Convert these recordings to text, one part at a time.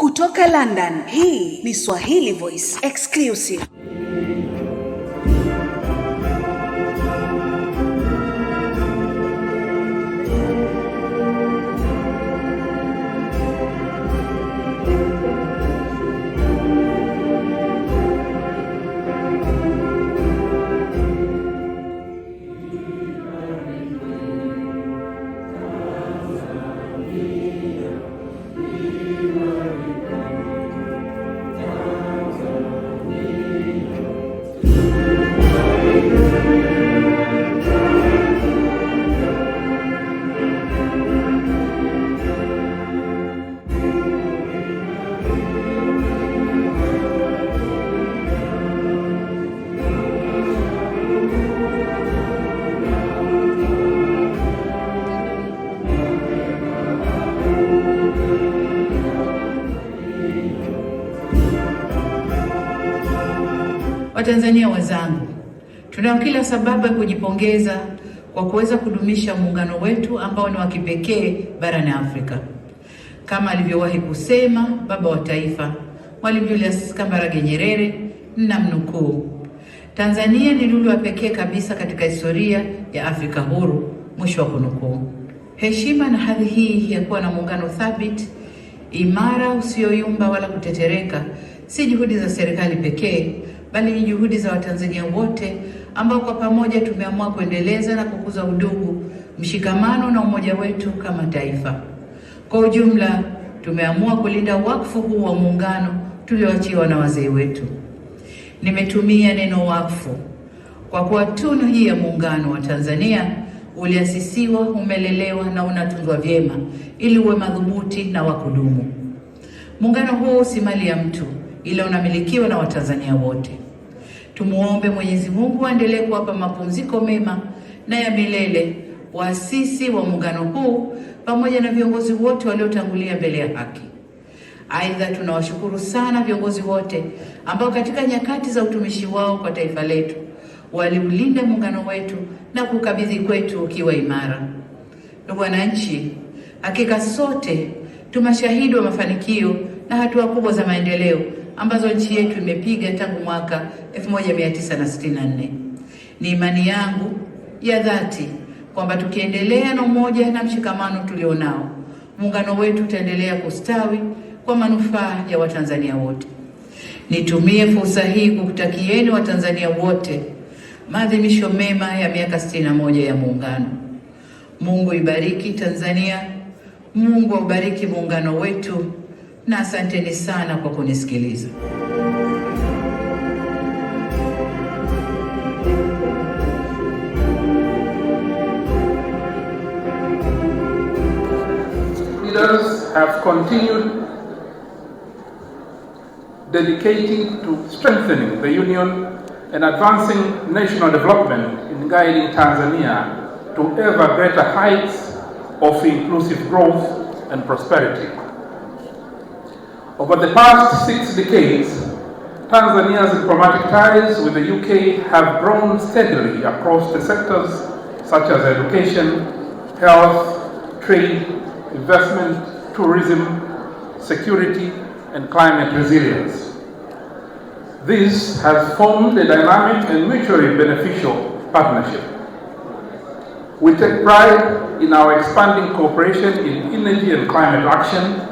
kutoka London. Hii ni Swahili Voice Exclusive. Watanzania wenzangu, tunayo kila sababu ya kujipongeza kwa kuweza kudumisha muungano wetu ambao ni wa kipekee barani Afrika. Kama alivyowahi kusema baba wa taifa Mwalimu Julius Kambarage Nyerere, mnukuu Tanzania ni lulu ya pekee kabisa katika historia ya Afrika huru, mwisho wa kunukuu. Heshima na hadhi hii ya kuwa na muungano thabiti, imara, usioyumba wala kutetereka, si juhudi za serikali pekee bali ni juhudi za Watanzania wote ambao kwa pamoja tumeamua kuendeleza na kukuza udugu, mshikamano na umoja wetu kama taifa. Kwa ujumla, tumeamua kulinda wakfu huu wa muungano tulioachiwa na wazee wetu. Nimetumia neno wakfu kwa kuwa tunu hii ya muungano wa Tanzania uliasisiwa, umelelewa na unatunzwa vyema ili uwe madhubuti na wa kudumu. Muungano huu si mali ya mtu ila unamilikiwa na Watanzania wote. Tumuombe Mwenyezi Mungu aendelee kuwapa mapumziko mema na ya milele waasisi wa muungano huu pamoja na viongozi wote waliotangulia mbele ya haki. Aidha, tunawashukuru sana viongozi wote ambao katika nyakati za utumishi wao kwa taifa letu waliulinda muungano wetu na kukabidhi kwetu ukiwa imara. Ndugu wananchi, hakika sote tumashahidi wa mafanikio na hatua kubwa za maendeleo ambazo nchi yetu imepiga tangu mwaka 1964. Ni imani yangu ya dhati kwamba tukiendelea na umoja na mshikamano tulionao, muungano wetu utaendelea kustawi kwa manufaa ya Watanzania wote. Nitumie fursa hii kukutakieni Watanzania wote maadhimisho mema ya miaka 61 ya Muungano. Mungu ibariki Tanzania, Mungu aubariki muungano wetu na asanteni sana kwa kunisikiliza. Leaders have continued dedicating to strengthening the union and advancing national development in guiding Tanzania to ever greater heights of inclusive growth and prosperity. Over the past six decades, Tanzania's diplomatic ties with the UK have grown steadily across the sectors such as education, health, trade, investment, tourism, security, and climate resilience. This has formed a dynamic and mutually beneficial partnership. We take pride in our expanding cooperation in energy and climate action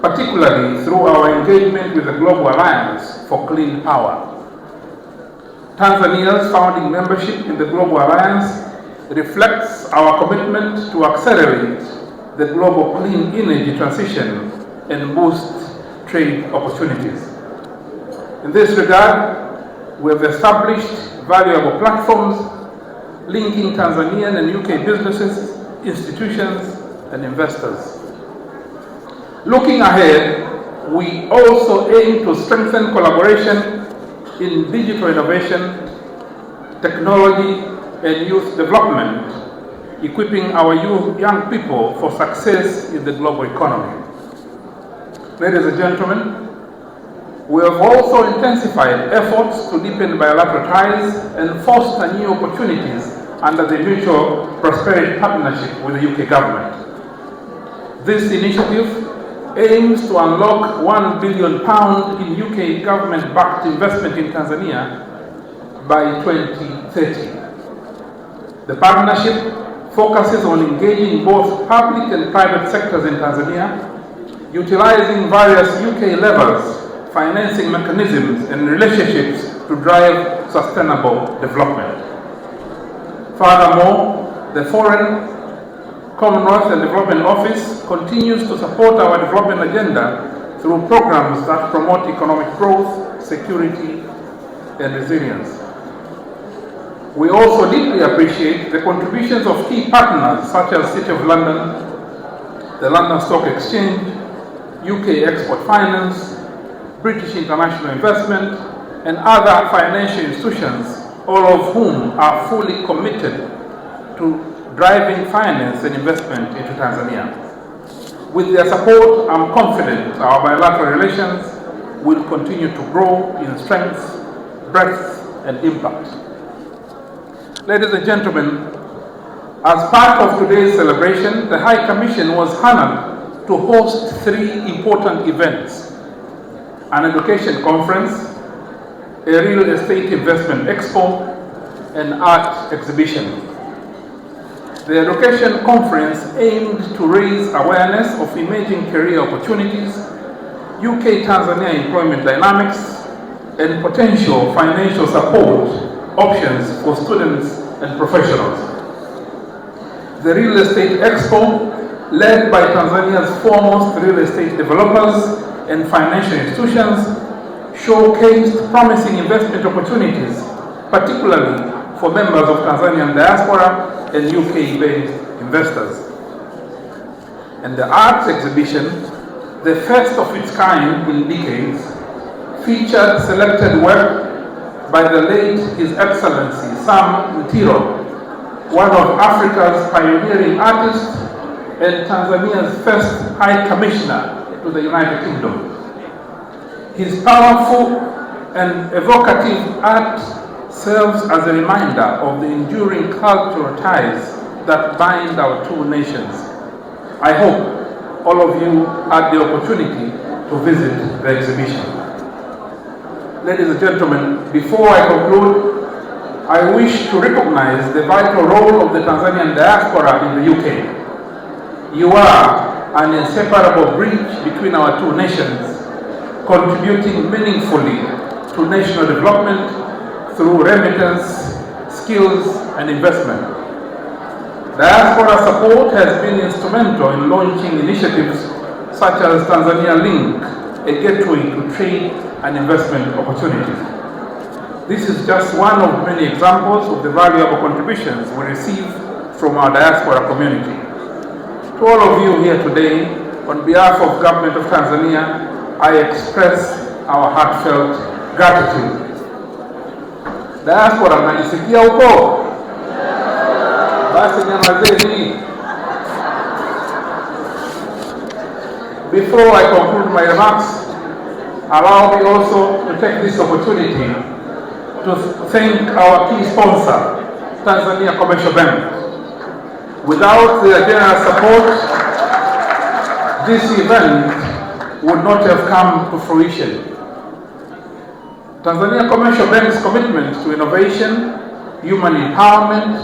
particularly through our engagement with the Global Alliance for Clean Power. Tanzania's founding membership in the Global Alliance reflects our commitment to accelerate the global clean energy transition and boost trade opportunities. In this regard, we have established valuable platforms linking Tanzanian and UK businesses, institutions, and investors. Looking ahead, we also aim to strengthen collaboration in digital innovation, technology, and youth development, equipping our youth, young people for success in the global economy. Ladies and gentlemen, we have also intensified efforts to deepen bilateral ties and foster new opportunities under the Mutual Prosperity Partnership with the UK government. This initiative aims to unlock 1 billion pound in UK government backed investment in Tanzania by 2030. The partnership focuses on engaging both public and private sectors in Tanzania, utilizing various UK levels financing mechanisms, and relationships to drive sustainable development. Furthermore, the foreign Commonwealth and Development Office continues to support our development agenda through programs that promote economic growth, security, and resilience. We also deeply appreciate the contributions of key partners such as City of London, the London Stock Exchange, UK Export Finance, British International Investment, and other financial institutions, all of whom are fully committed to driving finance and investment into Tanzania. With their support, I'm confident our bilateral relations will continue to grow in strength, breadth, and impact. Ladies and gentlemen, as part of today's celebration, the High Commission was honored to host three important events an education conference, a real estate investment expo, and art exhibition. The education conference aimed to raise awareness of emerging career opportunities, UK Tanzania employment dynamics, and potential financial support options for students and professionals. The Real Estate Expo, led by Tanzania's foremost real estate developers and financial institutions, showcased promising investment opportunities, particularly for members of Tanzanian diaspora and UK-based investors. And the arts exhibition, the first of its kind in decades, featured selected work by the late His Excellency Sam Mutiro, one of Africa's pioneering artists and Tanzania's first High Commissioner to the United Kingdom. His powerful and evocative art serves as a reminder of the enduring cultural ties that bind our two nations. I hope all of you had the opportunity to visit the exhibition. Ladies and gentlemen, before I conclude, I wish to recognize the vital role of the Tanzanian diaspora in the UK. You are an inseparable bridge between our two nations, contributing meaningfully to national development through remittance, skills, and investment. Diaspora support has been instrumental in launching initiatives such as Tanzania Link, a gateway to trade and investment opportunities. This is just one of many examples of the valuable contributions we receive from our diaspora community. To all of you here today, on behalf of Government of Tanzania, I express our heartfelt gratitude Diaspora, mnanisikia huko? Basi nyamazeni. Before I conclude my remarks, allow me also to take this opportunity to thank our key sponsor, Tanzania Commercial Bank. Without their generous support, this event would not have come to fruition. Tanzania Commercial Bank's commitment to innovation, human empowerment,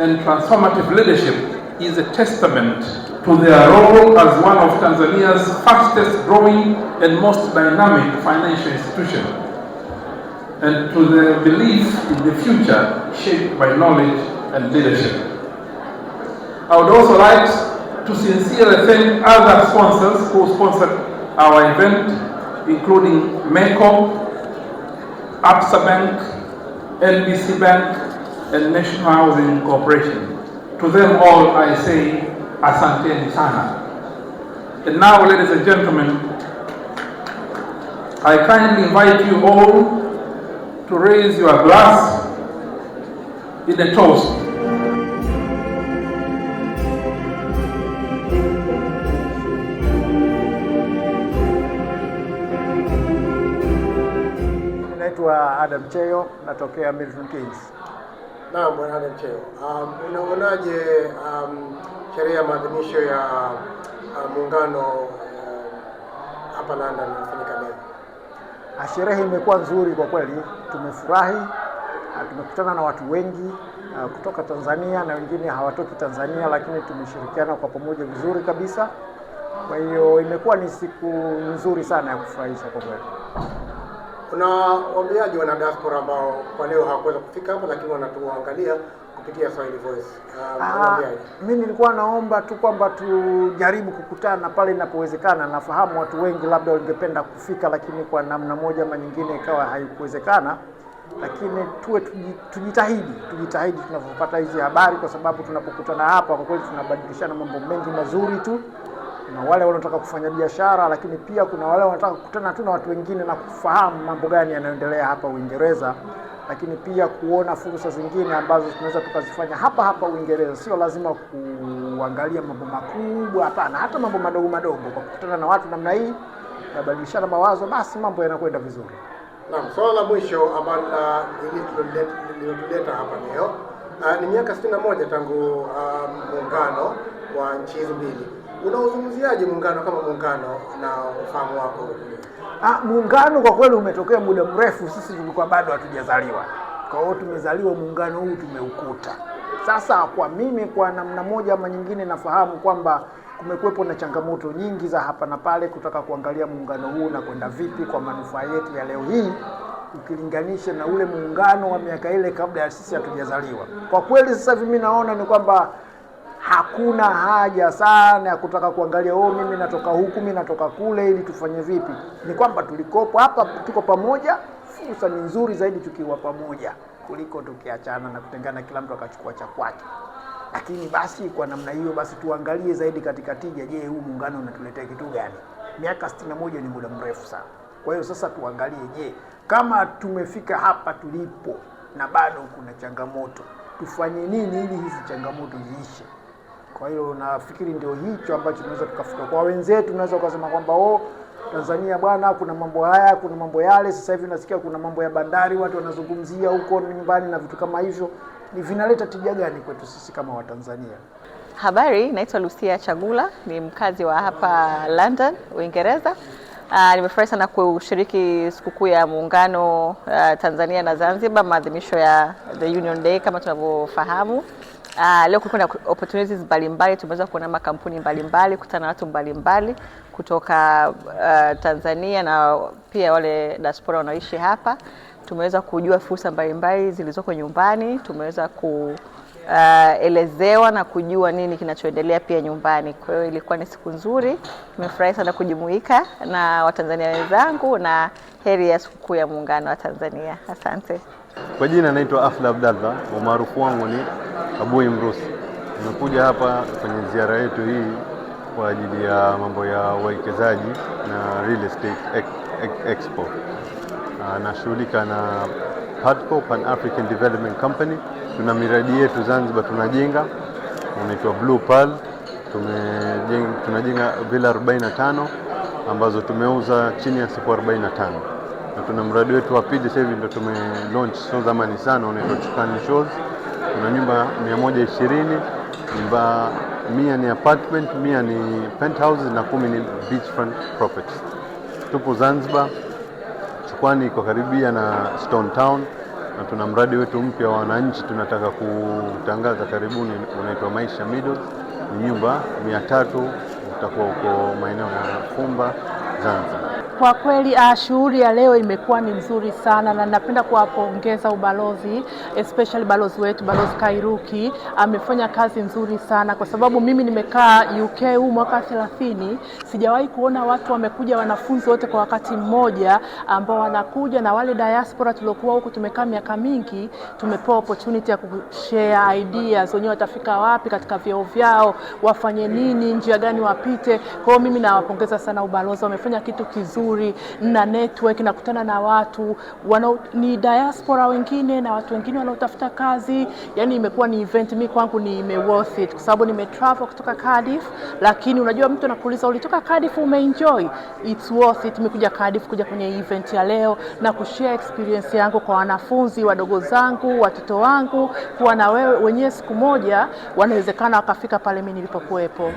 and transformative leadership is a testament to their role as one of Tanzania's fastest growing and most dynamic financial institution, and to their belief in the future shaped by knowledge and leadership. I would also like to sincerely thank other sponsors who sponsored our event, including MECO, Absa Bank, NBC Bank, and National Housing Corporation. To them all I say asante sana. And now, ladies and gentlemen, I kindly invite you all to raise your glass in a toast Naitwa Adam Cheyo, natokea Milton Keynes. Naam, bwana Adam Cheyo, um, unaonaje um, sherehe ya maadhimisho ya uh, muungano uh, hapa London inafanyika leo? Ah, sherehe imekuwa nzuri kwa kweli, tumefurahi ah, tumekutana na watu wengi uh, kutoka Tanzania na wengine hawatoki Tanzania, lakini tumeshirikiana kwa pamoja vizuri kabisa. Kwa hiyo imekuwa ni siku nzuri sana ya kufurahisha kwa kweli. Kuna wambiaji wana diaspora ambao kwa leo hawakuweza kufika hapa, lakini wanatuangalia kupitia Swahili Voice. Uh, mimi nilikuwa naomba tu kwamba tujaribu kukutana pale inapowezekana. Nafahamu watu wengi labda wangependa kufika, lakini kwa namna moja ama nyingine ikawa haikuwezekana, lakini tuwe tujitahidi, tujitahidi tunapopata hizi habari, kwa sababu tunapokutana hapa kwa kweli tunabadilishana mambo mengi mazuri tu kuna wale wanaotaka kufanya biashara, lakini pia kuna wale wanataka kukutana tu na watu wengine na kufahamu mambo gani yanayoendelea hapa Uingereza, lakini pia kuona fursa zingine ambazo tunaweza tukazifanya hapa hapa Uingereza. Sio lazima kuangalia mambo makubwa, hapana, hata mambo madogo madogo. Kwa kukutana na watu namna hii, nabadilishana mawazo, basi mambo yanakwenda vizuri. Naam, swala la mwisho ambalo ah, lililotuleta hapa leo ah, ni miaka 61 tangu ah, muungano wa nchi hizi mbili unaozungumziaje muungano kama muungano na ufahamu wako? Ah, muungano kwa kweli umetokea muda mrefu, sisi tulikuwa bado hatujazaliwa. Kwa hiyo tumezaliwa muungano huu tumeukuta. Sasa kwa mimi, kwa namna moja ama nyingine, nafahamu kwamba kumekuwepo na changamoto nyingi za hapa na pale kutaka kuangalia muungano huu na kwenda vipi kwa manufaa yetu ya leo hii ukilinganisha na ule muungano wa miaka ile kabla ya sisi hatujazaliwa. Kwa kweli sasa hivi mimi naona ni kwamba hakuna haja sana ya kutaka kuangalia oh, mimi natoka huku, mimi natoka kule, ili tufanye vipi. Ni kwamba tulikopo hapa, tuko pamoja, fursa ni nzuri zaidi tukiwa pamoja kuliko tukiachana na kutengana, kila mtu akachukua cha kwake. Lakini basi kwa namna hiyo basi tuangalie zaidi katika tija. Je, huu muungano unatuletea kitu gani? Miaka sitini na moja ni muda mrefu sana. Kwa hiyo sasa tuangalie, je, kama tumefika hapa tulipo na bado kuna changamoto, tufanye nini ili hizi changamoto ziishe? Kwa hiyo nafikiri ndio hicho ambacho tunaweza tukafikia kwa wenzetu. Tunaweza ukasema kwamba oh, Tanzania bwana, kuna mambo haya, kuna mambo yale. Sasa hivi unasikia kuna mambo ya bandari watu wanazungumzia huko nyumbani na vitu kama hivyo, ni vinaleta tija gani kwetu sisi kama Watanzania? Habari, naitwa Lucia Chagula, ni mkazi wa hapa London, Uingereza. Uh, nimefurahi sana kushiriki sikukuu ya Muungano uh, Tanzania na Zanzibar, maadhimisho ya the Union Day kama tunavyofahamu. Uh, leo kulikuwa na opportunities mbalimbali, tumeweza kuona makampuni mbalimbali, kukutana na watu mbalimbali kutoka uh, Tanzania na pia wale diaspora wanaoishi hapa. Tumeweza kujua fursa mbalimbali zilizoko nyumbani, tumeweza kuelezewa ah, uh, na kujua nini kinachoendelea pia nyumbani. Kwa hiyo ilikuwa ni siku nzuri, nimefurahi sana kujumuika na Watanzania wenzangu, na heri ya sikukuu ya Muungano wa Tanzania. Asante. Kwa jina naitwa Afla Abdallah, umaarufu wangu ni Abui Mrusi. Nimekuja hapa kwenye ziara yetu hii kwa ajili ya mambo ya uwekezaji na Real Estate Expo. Ah, nashughulika na PADCO, Pan African Development Company. Tuna miradi yetu Zanzibar tunajenga, unaitwa Blue Pearl. Tunajenga villa 45 ambazo tumeuza chini ya siku 45 na tuna mradi wetu wa pili sasa hivi ndio tume launch sio zamani sana, unaitwa chukani Shows. Kuna nyumba 120, nyumba mia ni apartment, mia ni penthouses na kumi ni beachfront properties. Tupo Zanzibar, Chukwani iko karibia na Stone Town, na tuna mradi wetu mpya wa wananchi tunataka kutangaza karibuni, unaitwa Maisha Middle. Ni nyumba mia tatu, utakuwa uko maeneo ya Fumba, Zanzibar. Kwa kweli uh, shughuli ya leo imekuwa ni nzuri sana na napenda kuwapongeza ubalozi especially balozi wetu Balozi Kairuki amefanya kazi nzuri sana kwa sababu mimi nimekaa UK huu mwaka 30 sijawahi kuona watu wamekuja wanafunzi wote kwa wakati mmoja ambao wanakuja na wale diaspora tuliokuwa huku tumekaa miaka mingi tumepewa opportunity ya kushare ideas, wenyewe watafika wapi katika vyeo vyao, wafanye nini, njia gani wapite. Kwa hiyo mimi nawapongeza sana ubalozi, wamefanya kitu kizuri vizuri na network, nakutana na watu wana, ni diaspora wengine na watu wengine wanaotafuta kazi. Yani imekuwa ni event mi kwangu ni worth it, kwa sababu nime travel kutoka Cardiff, lakini unajua mtu anakuuliza ulitoka Cardiff umeenjoy? It's worth it. Nimekuja Cardiff kuja kwenye event ya leo na kushare experience yangu kwa wanafunzi wadogo zangu watoto wangu, kuwa na wewe wenyewe siku moja wanawezekana wakafika pale mimi nilipokuwepo.